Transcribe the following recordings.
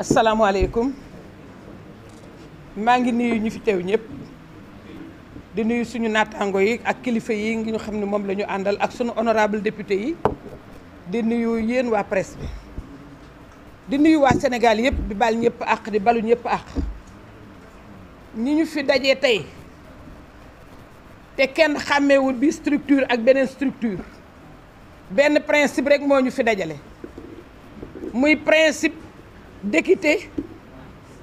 asalaamaaleykum maa ngi nuyu ñu fi teew ñëpp di nuyu suñu naataango yi ak kilifa yi ngi ñu xam ne moom lañu àndal ak suñu honorable député yi di nuyu yéen waa presse bi di nuyu waa Sénégal yëpp di bal ñëpp àq di balu ñëpp àq ñi ñu fi dajee tey te kenn xàmmewut bi structure ak beneen structure benn principe rek moo ñu fi dajale muy principe d'équité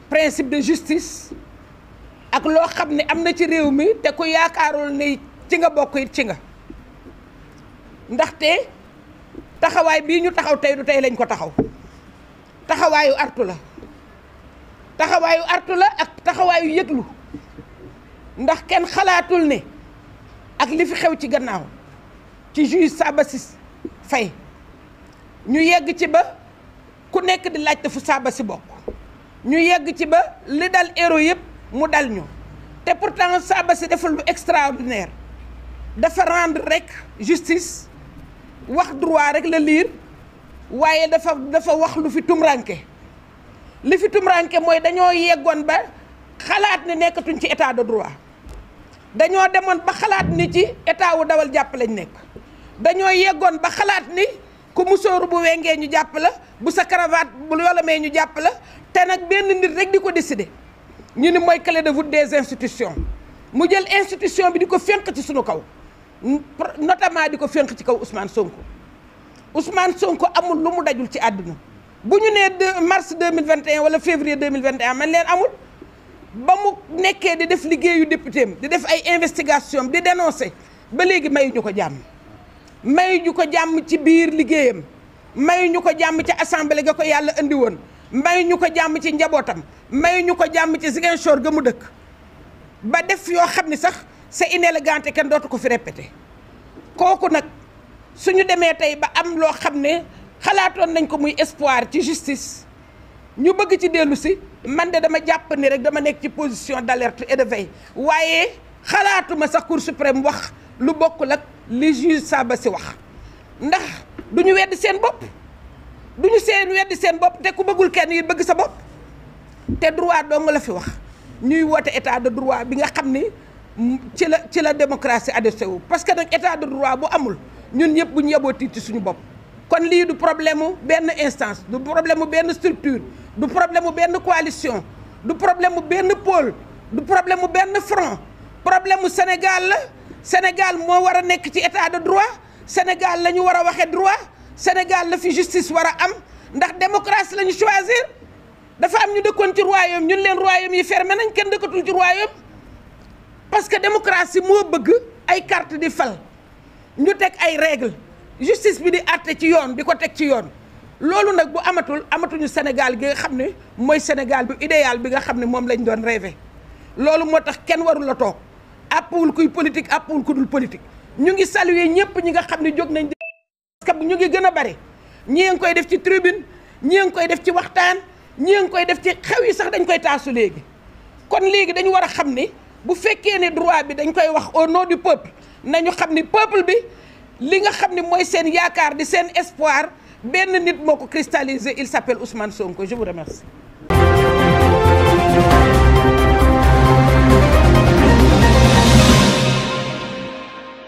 principe de justice ak loo xam ni am na ci réew mi te ku yaakaarul ne ci nga bokk it ci nga ndaxte taxawaay bii ñu taxaw tey du tey lañ ko taxaw taxawaayu artu la taxawaayu artu la ak taxawaayu yëglu ndax kenn xalaatul ne ak li fi xew ci gannaaw ci juge Sabassy Faye ñu yegg ci ba ku nekk di laajte fu saaba si bokk ñu yegg ci ba li dal héros yëpp mu dal ñu te pourtant saaba si deful lu extraordinaire dafa rendre rekk justice wax droit rek la liir waaye dafa dafa wax lu fi tumranke li fi tumranke mooy dañoo yeggoon ba xalaat ni nekkatuñ ci état de droit dañoo demoon ba xalaat ni ci état wu dawal jàpp lañ nekk dañoo yeggoon ba xalaat ni ku musóoru bu wengee ñu jàpp la bu sa cravate bu yolamee ñu jàpp la te nag benn nit rek di ko décider ñu ni mooy clé de voûte des institutions mu jël institution bi di ko fénq ci sunu kaw notamment di ko fenq ci kaw Ousmane Sonko Ousmane Sonko amul lu mu dajul ci àdduna bu ñu nee mars 2021 wala février 2021 man leen amul ba mu nekkee di def liggéeyu député di def ay investigation di dénoncer ba léegi mayuñu ko jàmm may ñu ko jàmm ci biir liggéeyam mayuñu ko jàmm ci assemblée ga ko yàlla indi woon may ko jàmm ci njabootam mayuñu ko jàmm ci Ziguinchor ga mu dëkk ba def yoo xam ni sax c'est inélégant kenn dootu ko fi répété kooku nag suñu demee tey ba am loo xam ne xalaatoon nañ ko muy espoir ci justice ñu bëgg ci dellu si man de dama jàpp ni rek dama nekk ci position d'alerte et de veille waaye xalaatuma sax Cour suprême wax lu bokk ak li juge Samba si wax ndax du ñu weddi seen bopp du ñu seen weddi seen bopp te ku bëggul kenn yi bëgg sa bopp te droit dong la fi wax ñuy woote état de droit bi nga xam ni ci la ci la démocratie adressé wu parce que nag état de droit bu amul ñun ñëpp bu ñu yeboo tiit ci suñu bopp kon lii du problème mu benn instance du problème mu benn structure du problème mu benn coalition du problème mu benn pôle du problème mu benn front problème mu Sénégal la Sénégal moo war a nekk ci état de droit Sénégal la ñu war a waxe droit Sénégal la fi justice war a am ndax démocratie la ñu choisir dafa am ñu dëkkoon ci royaume ñun leen royaume yi fermé nañ kenn dëkkatul ci royaume parce que démocratie moo bëgg ay carte di fal ñu teg ay règle justice bi di àtte ci yoon di ko teg ci yoon loolu nag bu amatul amatuñu Sénégal gi nga xam ne mooy Sénégal bu idéal bi nga xam ne moom lañ doon rêvé loolu moo tax kenn warul la toog àppwul kuy politique àppwul ku dul politique ñu ngi saluer ñëpp ñi nga xam ne jóg nañ xam que ñu ngi gën a bare ñi ngi koy def ci tribune ñi ngi koy def ci waxtaan ñi ngi koy def ci xew yi sax dañ koy taasu léegi kon léegi dañu war a xam ni bu fekkee ne droit bi dañ koy wax au nom du peuple nañu xam ni peuple bi li nga xam ni mooy seen yaakaar di seen espoir benn nit moo ko cristalliser il s'appelle Ousmane Sonko je vous remercie